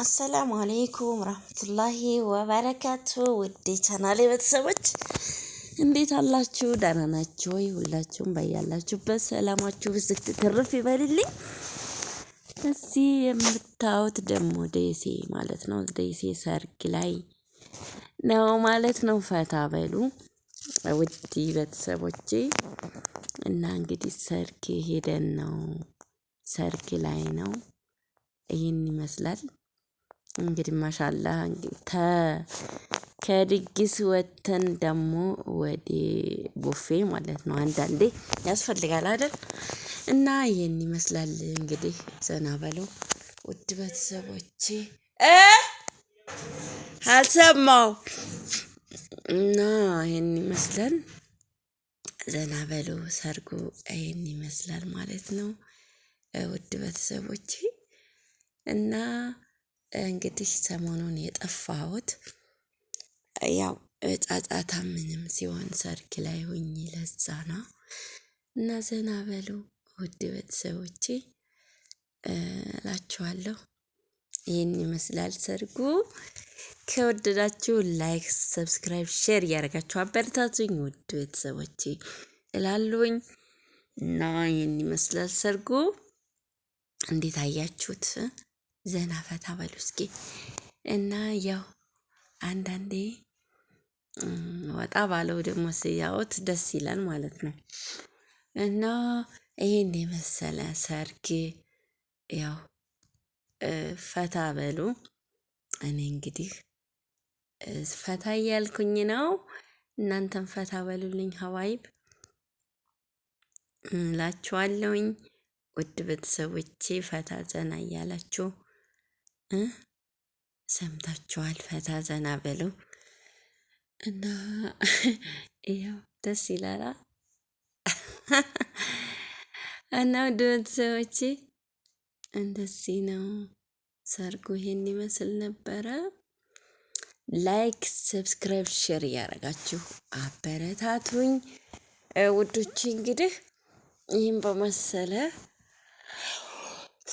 አሰላሙ አሌይኩም ረህመቱላሂ ወበረካቱ። ውድ ቻናሌ ቤተሰቦች እንዴት አላችሁ? ደህና ናችሁ ወይ? ሁላችሁም በያላችሁበት ሰላማችሁ ብዝት ትርፍ ይበልልኝ። እዚህ የምታዩት ደግሞ ደሴ ማለት ነው። ደሴ ሰርግ ላይ ነው ማለት ነው። ፈታ በሉ ውድ ቤተሰቦቼ እና እንግዲህ ሰርግ ሄደን ነው ሰርግ ላይ ነው። ይህን ይመስላል እንግዲህ ማሻላ ከድግስ ወተን ደግሞ ወደ ቡፌ ማለት ነው። አንዳንዴ ያስፈልጋል አይደል? እና ይህን ይመስላል እንግዲህ ዘና በለው ውድ ቤተሰቦቼ አልሰማው እና ይህን ይመስላል ዘና በለው ሰርጉ ይህን ይመስላል ማለት ነው። ውድ ቤተሰቦቼ እና እንግዲህ ሰሞኑን የጠፋሁት ያው ጫጫታ ምንም ሲሆን ሰርግ ላይ ሁኝ ለዛ ነው። እና ዘና በሉ ውድ ቤተሰቦቼ እላችኋለሁ። ይህን ይመስላል ሰርጉ። ከወደዳችሁ ላይክ፣ ሰብስክራይብ፣ ሼር እያደረጋችሁ አበረታቱኝ ውድ ቤተሰቦቼ እላለሁኝ። እና ይህን ይመስላል ሰርጉ። እንዴት አያችሁት? ዘና ፈታ በሉ እስኪ እና ያው አንዳንዴ ወጣ ባለው ደግሞ ስያወት ደስ ይላል ማለት ነው። እና ይሄን የመሰለ ሰርግ ያው ፈታ በሉ። እኔ እንግዲህ ፈታ እያልኩኝ ነው። እናንተም ፈታ በሉልኝ ሀዋይብ ላችኋለውኝ። ውድ ቤተሰቦቼ ፈታ ዘና እያላችሁ ሰምታችኋል። ፈታ ዘና በሉ እና ያው ደስ ይላላ እና ውድ ሰዎቼ እንደዚህ ነው ሰርጉ ይሄን ይመስል ነበረ። ላይክ፣ ሰብስክራይብ፣ ሼር እያደረጋችሁ አበረታቱኝ ውዶች። እንግዲህ ይህም በመሰለ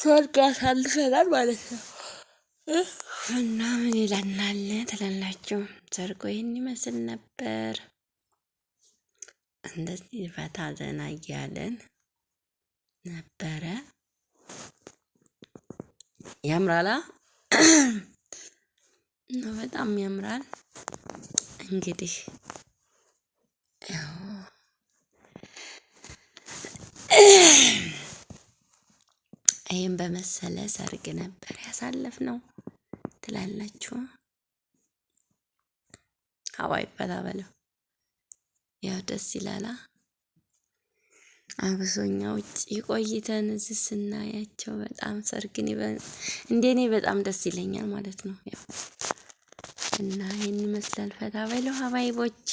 ሰርግ አሳልፈናል ማለት ነው። እና ምን ይላናል ትላላችሁ? ሰርጎ ይህን ይመስል ነበር። እንደዚህ ፈታ ዘና እያለን ነበረ። ያምራላ ነው በጣም ያምራል። እንግዲህ ይህም በመሰለ ሰርግ ነበር ያሳለፍ ነው። ትላላችሁ። ሀዋይ በላ በለው ያው ደስ ይላላ። አብሶኛ ውጭ ቆይተን እዚህ ስናያቸው በጣም ሰርግን እንደኔ በጣም ደስ ይለኛል ማለት ነው። እና ይህን ይመስላል። ፈታ በለው ሀባይቦች፣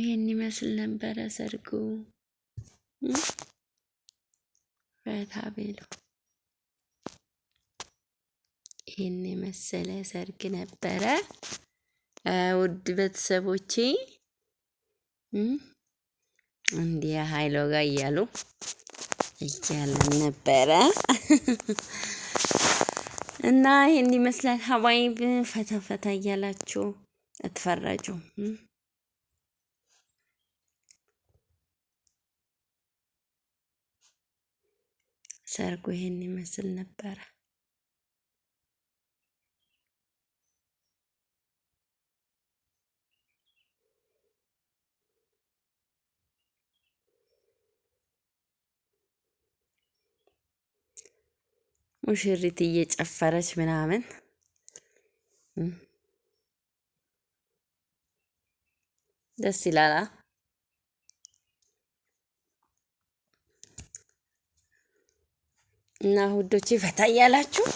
ይህን ይመስል ነበረ ሰርጉ። ፈታ በለው ይሄን የመሰለ ሰርግ ነበረ። ውድ ቤተሰቦቼ እንዲህ ሀይሎ ጋር እያሉ እያለን ነበረ እና ይህን ይመስላል። ሀባይብ ፈታ ፈታ እያላችሁ እትፈረጁ ሰርጉ ይህን ይመስል ነበረ። ሙሽሪት እየጨፈረች ምናምን ደስ ይላላ። እና ውዶቼ ፈታ እያላችሁ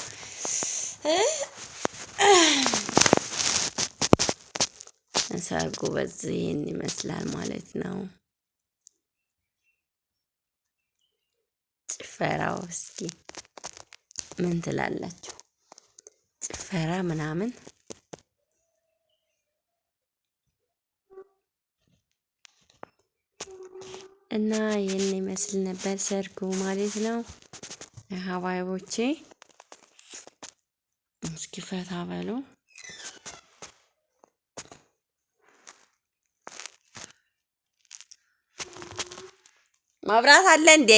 ሰርጉ በዚህ ይህን ይመስላል ማለት ነው። ጭፈራው እስኪ ምን ትላላችሁ? ጭፈራ ምናምን እና ይህን ይመስል ነበር ሰርጉ ማለት ነው ሀባይቦቼ። እስኪ ፈታ በሉ። መብራት አለ እንዴ?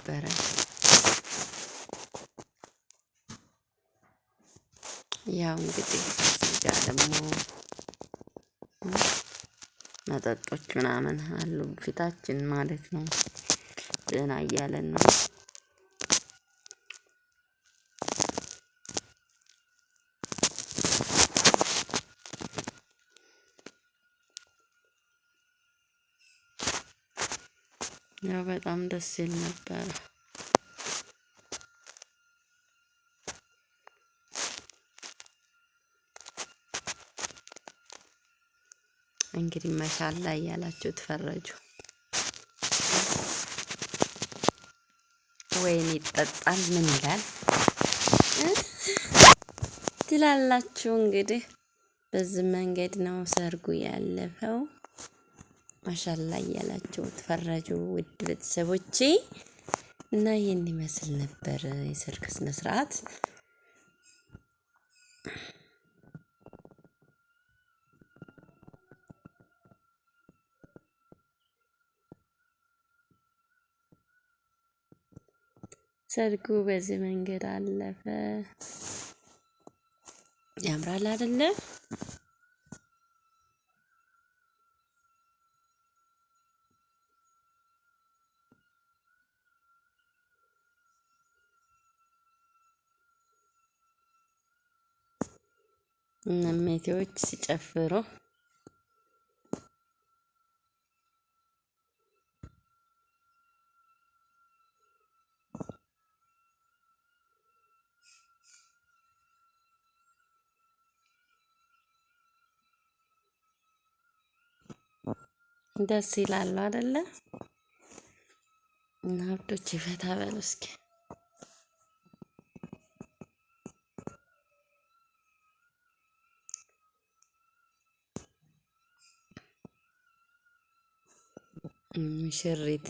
ነበረ። ያው እንግዲህ እዚጋ ደግሞ መጠጦች ምናምን አሉ ፊታችን ማለት ነው። ደህና እያለን ነው ያው በጣም ደስ ይል ነበረ። እንግዲህ ላይ እያላችሁ ትፈረጁ። ወይን ይጠጣል ምን ይላል ትላላችሁ። እንግዲህ በዚህ መንገድ ነው ሰርጉ ያለፈው። ማሻላ እያላችሁ ተፈረጁ ውድ ቤተሰቦቼ። እና ይህን ይመስል ነበር የሰርግ ስነ ስርዓት። ሰርጉ በዚህ መንገድ አለፈ። ያምራል አይደለም? ኮሚቴዎች ሲጨፍሩ ደስ ይላሉ አይደለ? እና ውዶች ፈታ በሉ እስኪ። ሙሽሪት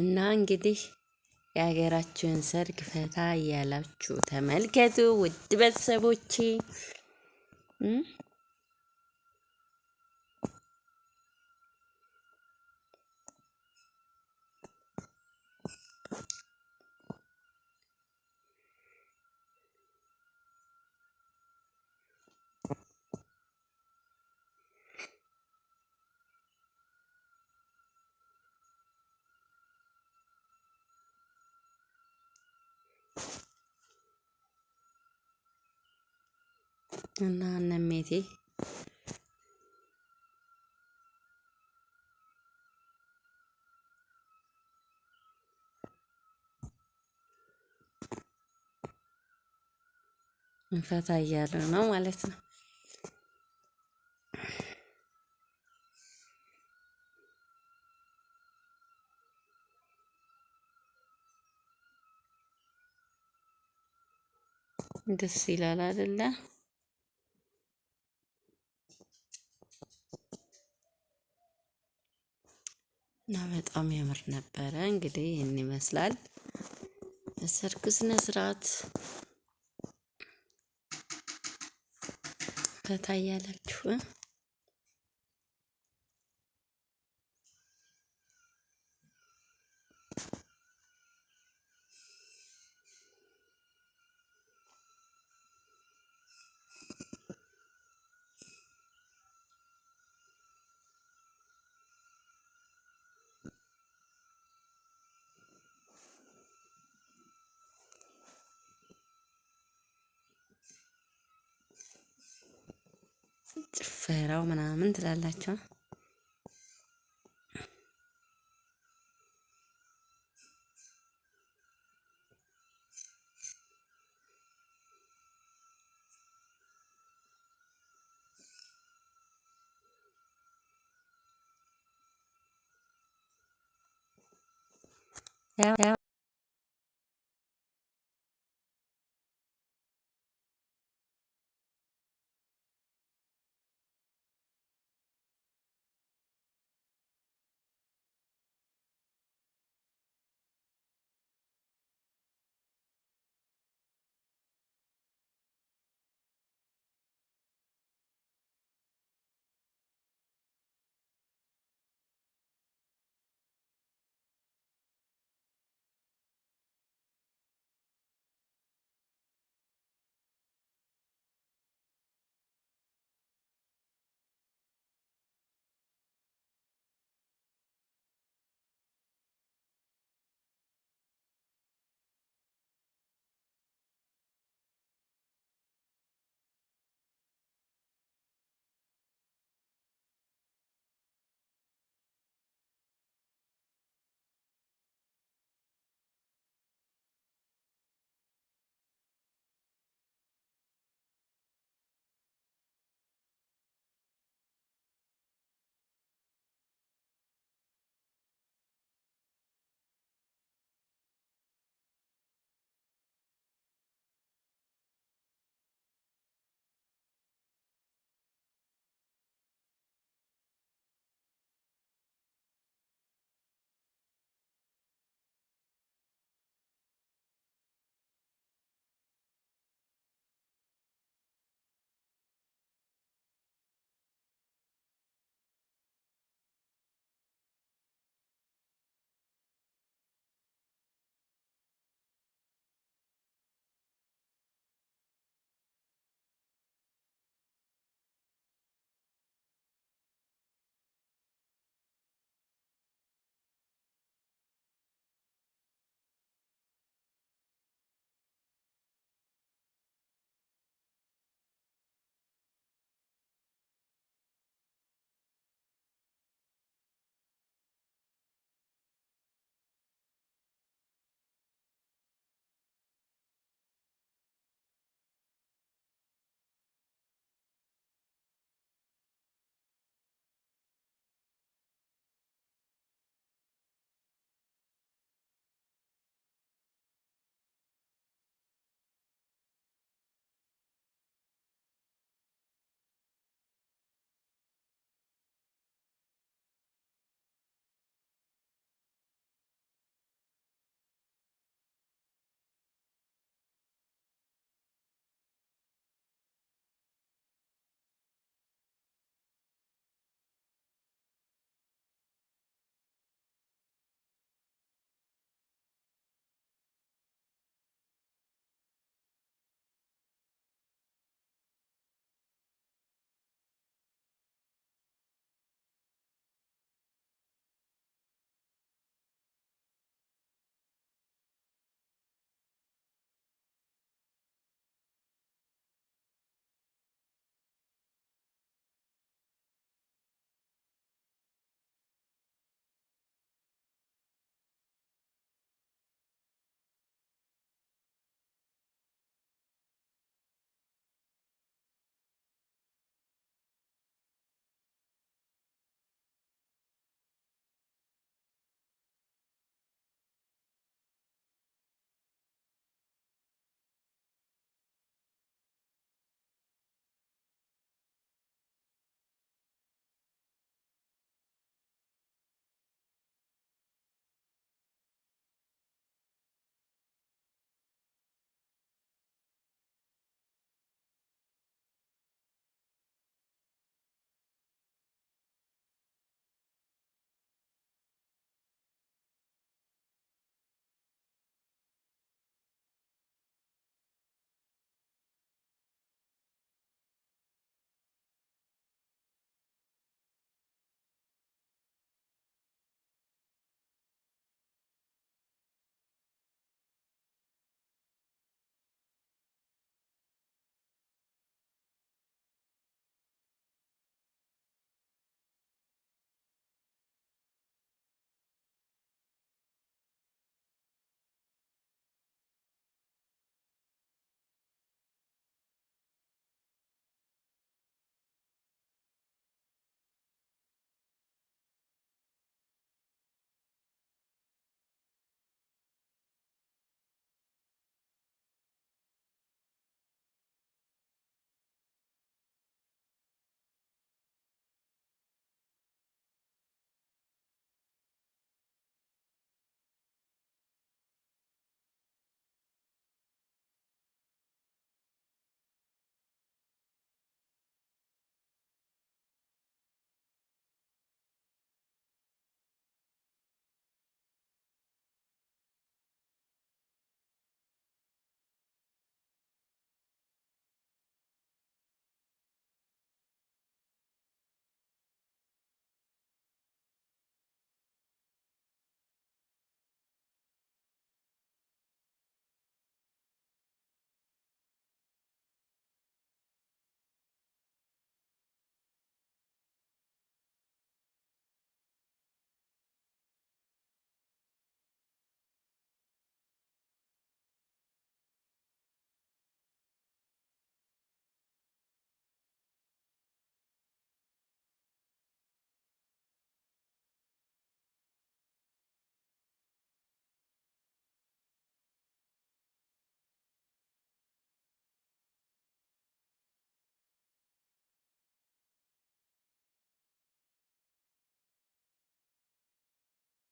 እና እንግዲህ የሀገራችሁን ሰርግ ፈታ እያላችሁ ተመልከቱ ውድ ቤተሰቦቼ። እና እነ እሜቴ እያሉ ነው ማለት ነው። ደስ ይላል አይደለ? እና በጣም ያምር ነበረ። እንግዲህ ይህን ይመስላል ሰርጉ ስነ ስርዓት ታያላችሁ። ጭፈራው ምናምን ትላላችሁ። ያው